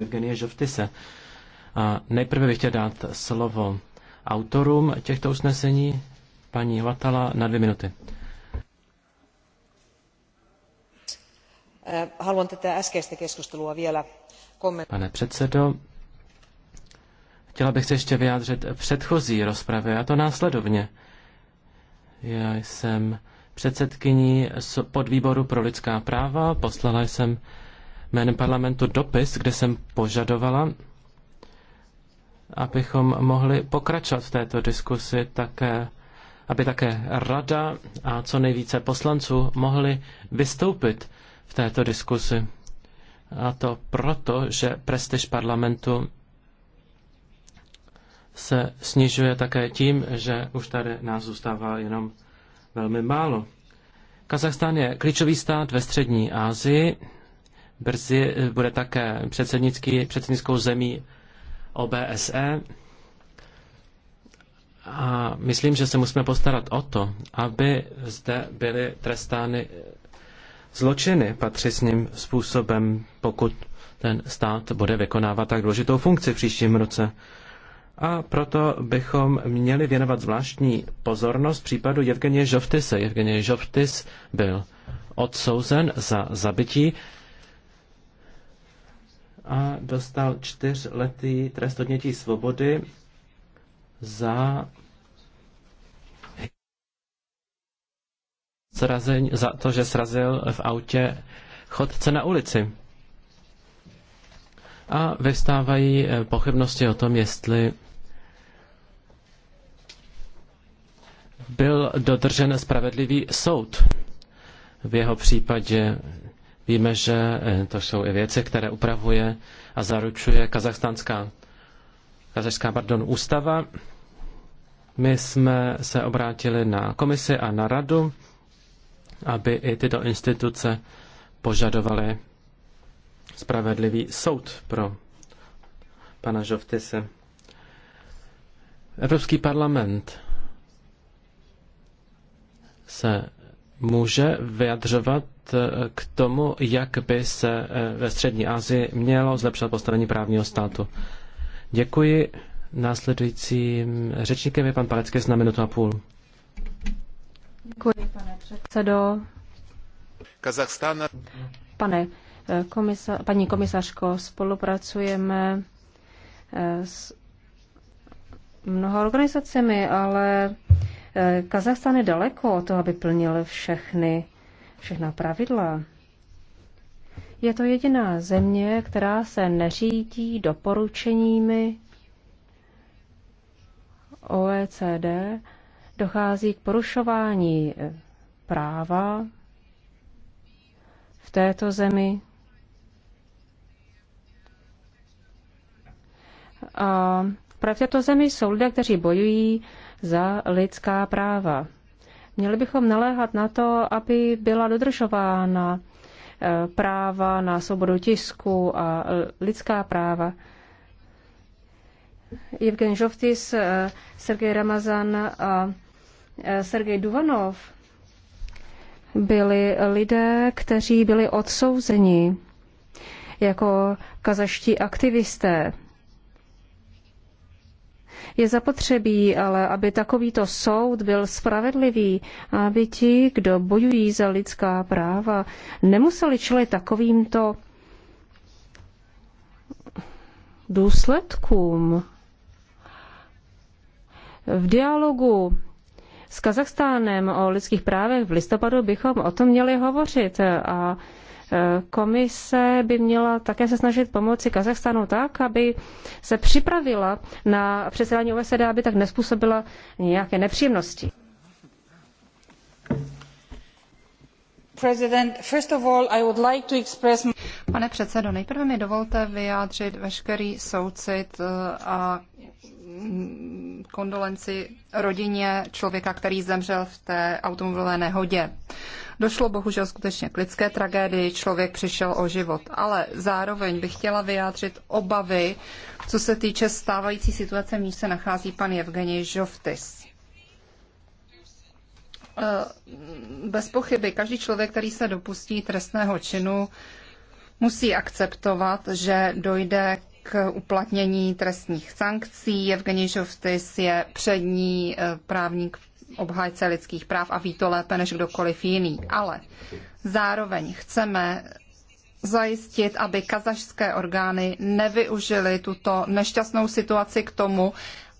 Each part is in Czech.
Eugenie Žovtise. A nejprve bych chtěl dát slovo autorům těchto usnesení, paní Hvatala, na dvě minuty. Eh, haluan tätä äskeistä keskustelua vielä Pane předsedo, chtěla bych se ještě vyjádřit předchozí rozpravě, a to následovně. Já jsem předsedkyní podvýboru pro lidská práva, poslala jsem jménem parlamentu dopis, kde jsem požadovala, abychom mohli pokračovat v této diskusi také aby také rada a co nejvíce poslanců mohli vystoupit v této diskusi. A to proto, že prestiž parlamentu se snižuje také tím, že už tady nás zůstává jenom velmi málo. Kazachstán je klíčový stát ve střední Asii Brzy eh, bude také předsednický, předsednickou zemí OBSE. A myslím, že se musíme postarat o to, aby zde byly trestány eh, zločiny patřičným způsobem, pokud ten stát bude vykonávat tak důležitou funkci v příštím roce. A proto bychom měli věnovat zvláštní pozornost případu Jevgenie Žoftise. Jevgenie Žoftis byl odsouzen za zabití a dostal čtyřletý trest odnětí svobody za srazeň, za to, že srazil v autě chodce na ulici. A vystávají eh, pochybnosti o tom, jestli byl dodržen spravedlivý soud. V jeho případě Víme, že eh, to jsou i věci, které upravuje a zaručuje kazachstánská, kazachská pardon, ústava. My jsme se obrátili na komisi a na radu, aby i tyto instituce požadovaly spravedlivý soud pro pana Žovtise. Evropský parlament se může vyjadřovat Eh, k tomu, jak by se eh, ve Střední Asii mělo zlepšovat postavení právního státu. Děkuji. Následujícím řečníkem je pan Palecký na minutu a půl. Děkuji, pane předsedo. Kazachstán. Pane, eh, komisa, paní komisařko, spolupracujeme s mnoha organizacemi, ale Kazachstán je daleko od toho, aby plnil všechny všechna pravidla. Je to jediná země, která se neřídí doporučeními OECD. Dochází k porušování eh, práva v této zemi. A právě v této zemi jsou lidé, kteří bojují za lidská práva. Měli bychom naléhat na to, aby byla dodržována eh, práva na svobodu tisku a eh, lidská práva. Evgen Žovtis, eh, Sergej Ramazan a Sergej Duvanov byli lidé, kteří byli odsouzeni jako kazaští aktivisté. Je zapotřebí ale, aby takovýto soud byl spravedlivý, aby ti, kdo bojují za lidská práva, nemuseli čelit takovýmto důsledkům. V dialogu s Kazachstánem o lidských právech v listopadu bychom o tom měli hovořit a Eh, komise by měla také se snažit pomoci Kazachstánu tak, aby se připravila na předsedání OSD, aby tak nespůsobila nějaké nepříjemnosti. Pane předsedo, nejprve mi dovolte vyjádřit veškerý soucit eh, a kondolenci rodině člověka, který zemřel v té automobilové nehodě. Došlo bohužel skutečně k lidské tragédii, člověk přišel o život, ale zároveň bych chtěla vyjádřit obavy, co se týče stávající situace, v níž se nachází pan Evgenij Žoftis. Eh, bez pochyby, každý člověk, který se dopustí trestného činu, musí akceptovat, že dojde k uplatnění trestních sankcí. Evgenij Žovtis je přední eh, právník obhájce lidských práv a ví to lépe než kdokoliv jiný. Ale zároveň chceme zajistit, aby kazašské orgány nevyužily tuto nešťastnou situaci k tomu,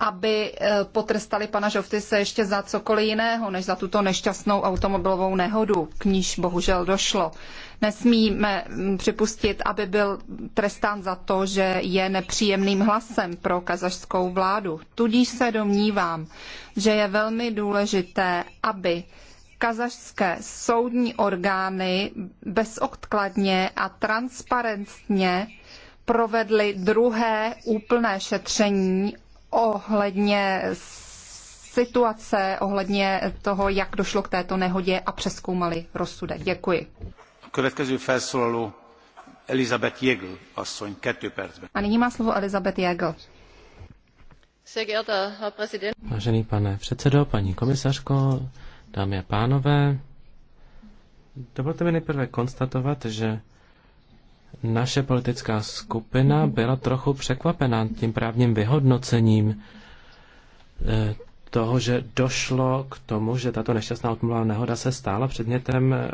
aby eh, potrestali pana se ještě za cokoliv jiného, než za tuto nešťastnou automobilovou nehodu, k níž bohužel došlo. Nesmíme mm, připustit, aby byl trestán za to, že je nepříjemným hlasem pro kazašskou vládu. Tudíž se domnívám, že je velmi důležité, aby kazašské soudní orgány bezodkladně a transparentně provedly druhé úplné šetření ohledně situace, ohledně toho, jak došlo k této nehodě a přeskoumali rozsudek. Děkuji. Következő felszólaló Elizabeth Jegl asszony, kettő percben. A nyní má slovo Elizabeth Jegl. Vážený pane předsedo, paní komisařko, dámy a pánové, dovolte mi nejprve konstatovat, že naše politická skupina byla trochu překvapená tím právním vyhodnocením eh, toho, že došlo k tomu, že tato nešťastná automobilová nehoda se stála předmětem eh,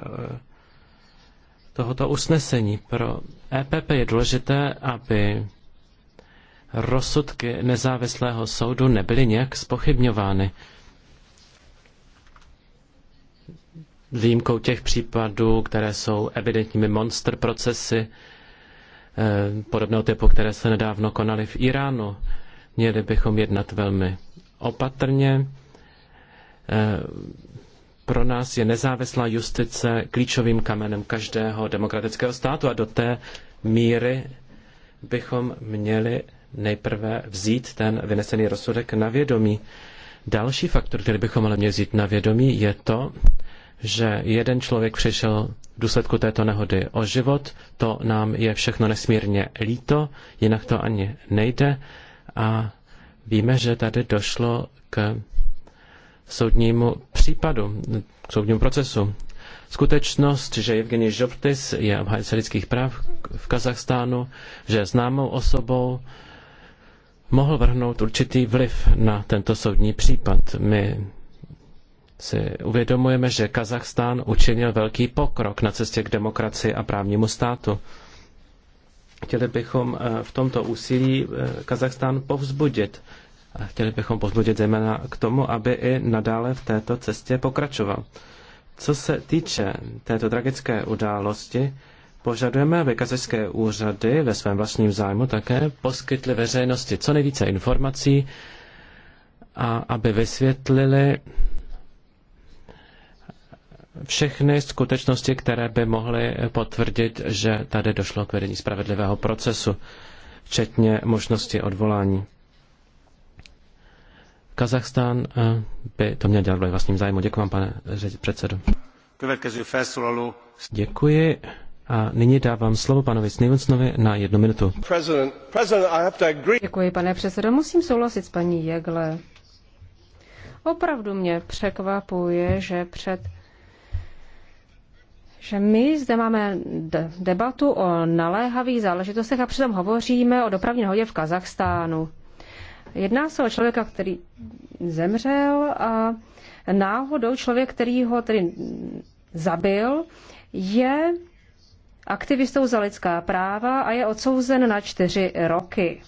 tohoto usnesení. Pro EPP je důležité, aby rozsudky nezávislého soudu nebyly nějak spochybňovány. výjimkou těch případů, které jsou evidentními monster procesy eh, podobného typu, které se nedávno konaly v Iránu, měli bychom jednat velmi opatrně. Eh, pro nás je nezávislá justice klíčovým kamenem každého demokratického státu a do té míry bychom měli nejprve vzít ten vynesený rozsudek na vědomí. Další faktor, který bychom ale měli vzít na vědomí, je to, že jeden člověk přišel v důsledku této nehody o život. To nám je všechno nesmírně líto, jinak to ani nejde. A víme, že tady došlo k soudnímu případu, k soudnímu procesu. Skutečnost, že Evgeny Žoptis je obhájce lidských práv v Kazachstánu, že známou osobou, mohl vrhnout určitý vliv na tento soudní případ. My si uvědomujeme, že Kazachstán učinil velký pokrok na cestě k demokracii a právnímu státu. Chtěli bychom eh, v tomto úsilí eh, Kazachstán povzbudit. A chtěli bychom povzbudit zejména k tomu, aby i nadále v této cestě pokračoval. Co se týče této tragické události, požadujeme, aby kazachské úřady ve svém vlastním zájmu také poskytly veřejnosti co nejvíce informací a aby vysvětlili všechny skutečnosti, které by mohly potvrdit, že tady došlo k vedení spravedlivého procesu, včetně možnosti odvolání. Kazachstán eh, by to měl dělat ve vlastním zájmu. Děkuji vám, pane předsedo. Děkuji. A nyní dávám slovo panovi Snivensnovi na jednu minutu. Děkuji, pane předsedo. Musím souhlasit s paní Jegle. Opravdu mě překvapuje, že před že my zde máme debatu o naléhavých záležitostech a přitom hovoříme o dopravní hodě v Kazachstánu. Jedná se o člověka, který zemřel a náhodou člověk, který ho tedy zabil, je aktivistou za lidská práva a je odsouzen na čtyři roky.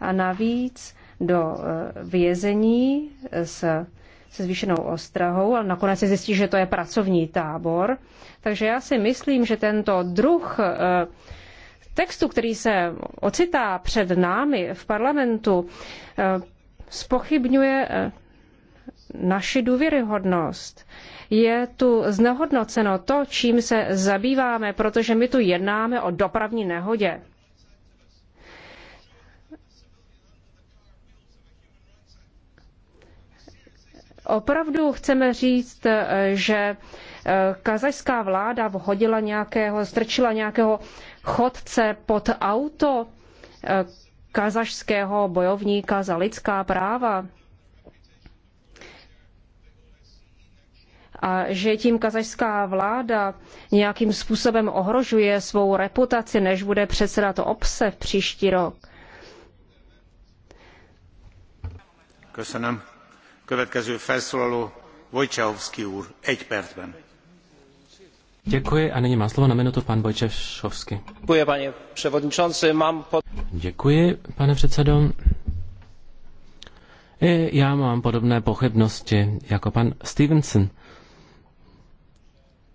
A navíc do eh, vězení s se zvýšenou ostrahou, ale nakonec se zjistí, že to je pracovní tábor. Takže já si myslím, že tento druh eh, textu, který se ocitá před námi v parlamentu, eh, spochybňuje eh, naši důvěryhodnost. Je tu znehodnoceno to, čím se zabýváme, protože my tu jednáme o dopravní nehodě. Opravdu chceme říct, eh, že eh, kazašská vláda vhodila nějakého, strčila nějakého chodce pod auto eh, kazašského bojovníka za lidská práva. a že tím kazašská vláda nějakým způsobem ohrožuje svou reputaci, než bude předsedat obse v příští rok. Következő felszólaló pane úr, egy percben. Děkuji a nyní má na minutu pan pane předsedající. Mám pane předsedo. I já mám podobné pochybnosti jako pan Stevenson.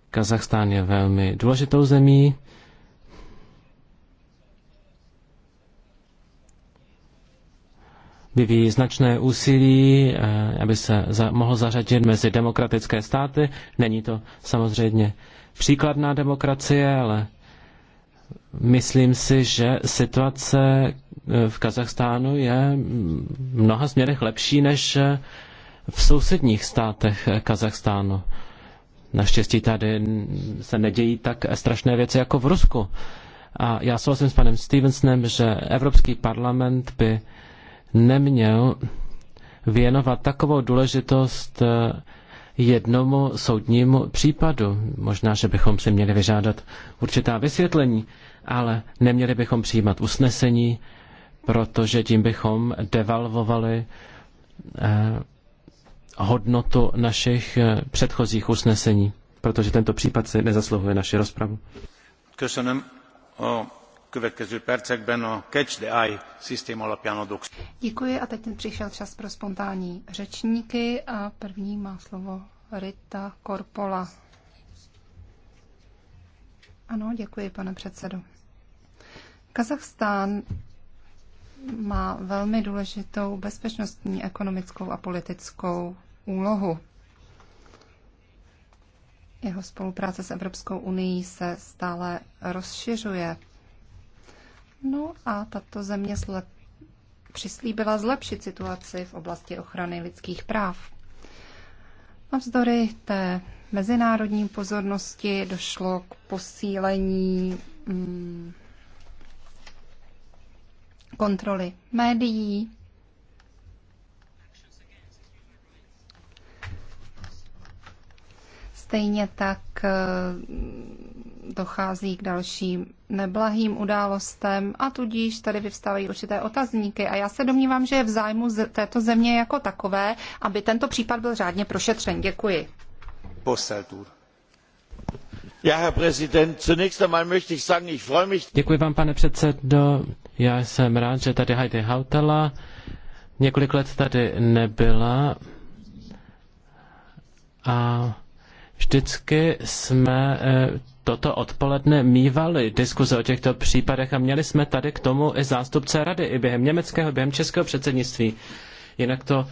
Kazachstán je velmi důležitou zemí, vyvíjí značné úsilí, eh, aby se za, mohl zařadit mezi demokratické státy. Není to samozřejmě příkladná demokracie, ale myslím si, že situace eh, v Kazachstánu je v mnoha směrech lepší než eh, v sousedních státech Kazachstánu. Naštěstí tady se nedějí tak strašné věci jako v Rusku. A já souhlasím s panem Stevensonem, že Evropský parlament by neměl věnovat takovou důležitost eh, jednomu soudnímu případu. Možná, že bychom si měli vyžádat určitá vysvětlení, ale neměli bychom přijímat usnesení, protože tím bychom devalvovali eh, hodnotu našich eh, předchozích usnesení, protože tento případ si nezasluhuje naši rozpravu. Köszönöm. Děkuji a teď přišel čas pro spontánní řečníky a první má slovo Rita Korpola. Ano, děkuji, pane předsedo. Kazachstán má velmi důležitou bezpečnostní, ekonomickou a politickou úlohu. Jeho spolupráce s Evropskou unii se stále rozšiřuje. No a tato země slep, přislíbila zlepšit situaci v oblasti ochrany lidských práv. Navzdory té mezinárodní pozornosti došlo k posílení mm, kontroly médií, Stejně tak eh, dochází k dalším neblahým událostem a tudíž tady vyvstávají určité otazníky. A já se domnívám, že je v zájmu z této země jako takové, aby tento případ byl řádně prošetřen. Děkuji. Děkuji vám, pane předsedo. Já jsem rád, že tady Heidi Hautala několik let tady nebyla a vždycky jsme eh, toto odpoledne mývali diskuze o těchto případech a měli jsme tady k tomu i zástupce rady, i během německého, i během českého předsednictví. Jinak to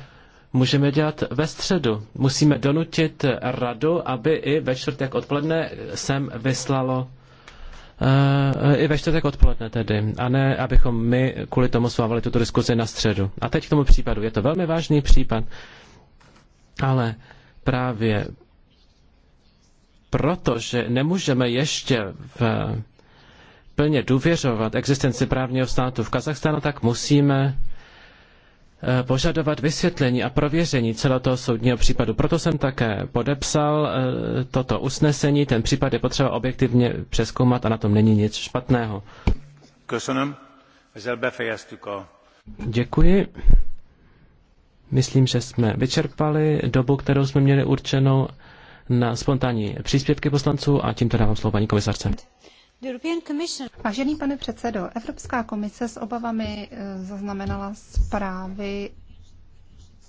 můžeme dělat ve středu. Musíme donutit radu, aby i ve čtvrtek odpoledne sem vyslalo eh, i ve čtvrtek odpoledne tedy, a ne, abychom my kvůli tomu svávali tuto diskuzi na středu. A teď k tomu případu. Je to velmi vážný případ, ale právě protože nemůžeme ještě v, plně důvěřovat existenci právního státu v Kazachstánu, tak musíme eh, požadovat vysvětlení a prověření celého toho soudního případu. Proto jsem také podepsal eh, toto usnesení. Ten případ je potřeba objektivně přeskoumat a na tom není nic špatného. Děkuji. Myslím, že jsme vyčerpali dobu, kterou jsme měli určenou na spontánní příspěvky poslanců a tímto dávám slovo paní komisarce. Vážený pane předsedo, Evropská komise s obavami eh, zaznamenala zprávy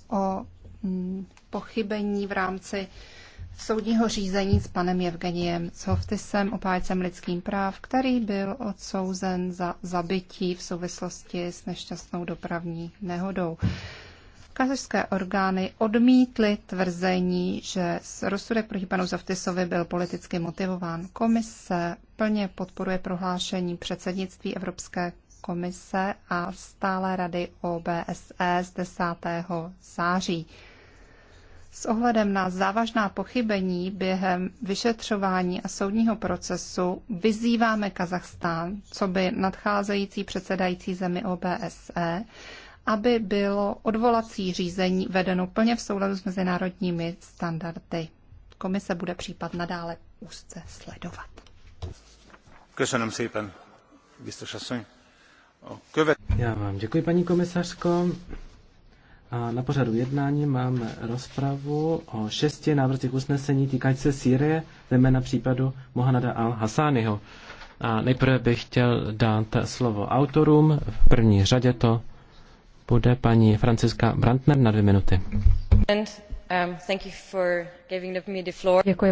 o mm, pochybení v rámci soudního řízení s panem Evgeniem Softisem, opájcem lidským práv, který byl odsouzen za zabití v souvislosti s nešťastnou dopravní nehodou. Kazašské orgány odmítly tvrzení, že rozsudek proti panu Zavtisovi byl politicky motivován. Komise plně podporuje prohlášení předsednictví Evropské komise a stále rady OBSE z 10. září. S ohledem na závažná pochybení během vyšetřování a soudního procesu vyzýváme Kazachstán, co by nadcházející předsedající zemi OBSE, aby bylo odvolací řízení vedeno plně v souladu s mezinárodními standardy. Komise bude případ nadále úzce sledovat. Já vám děkuji, paní komisařko. A na pořadu jednání máme rozpravu o šesti návrzích usnesení týkající se Sýrie, zejména případu Mohanada al hasányho A nejprve bych chtěl dát slovo autorům, v první řadě to bude paní Franciska Brantner na dvě minuty. Um, Děkuji vám.